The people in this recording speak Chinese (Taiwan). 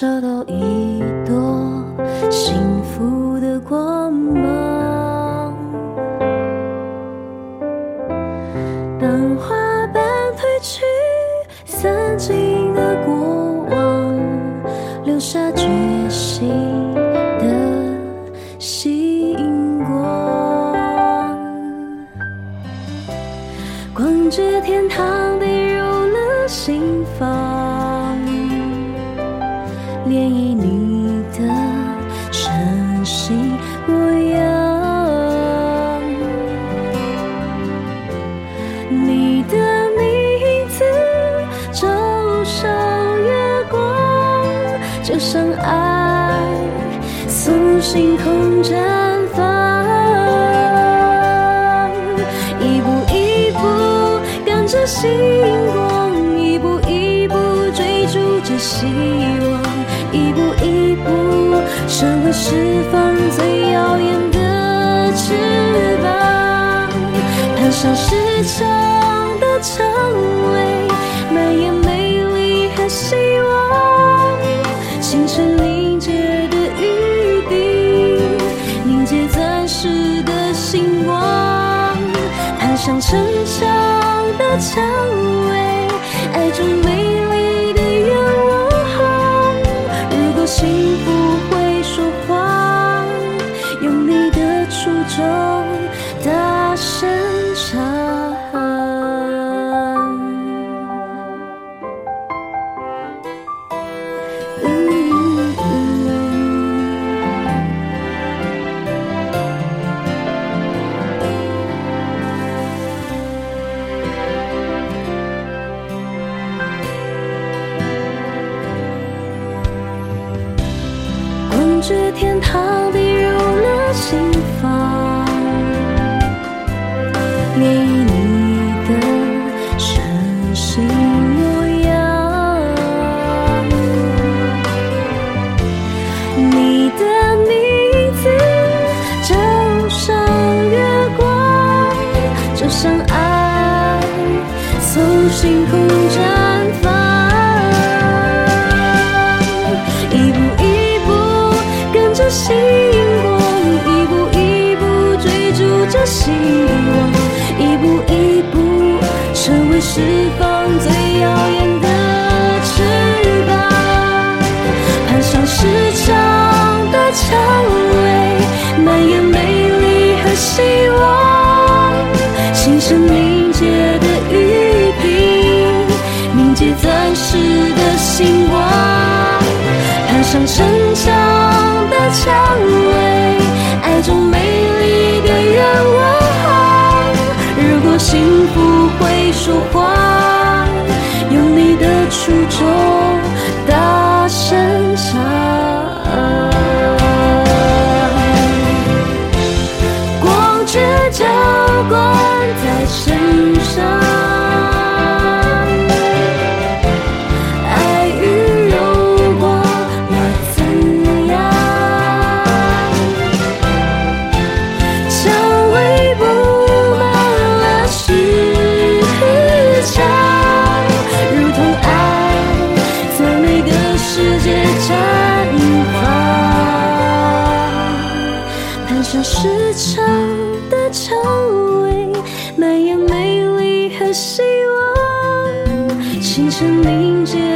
找到一朵幸福的光芒。當花瓣退去，散盡。愛從星空綻放，一步一步跟着心光，一步一步追逐着希望，一步一步成為十方最耀眼的翅膀，攀上石牆的薔薇，蔓延。清晨凝結的雨滴，凝結鑽石的心光，攀上城牆的薔薇，愛中美麗的願望。如果幸福會說話，用你的初衷大聲唱。從星空綻放，一步一步跟着心光，一步一步追逐着希望，一步一步成為十方最耀眼的翅膀，攀上石牆的薔薇，蔓延美麗和希望，清晨凝結的雨。幸福會說話，用你的初衷。石牆的薔薇，蔓延美麗和希望。清晨凝結。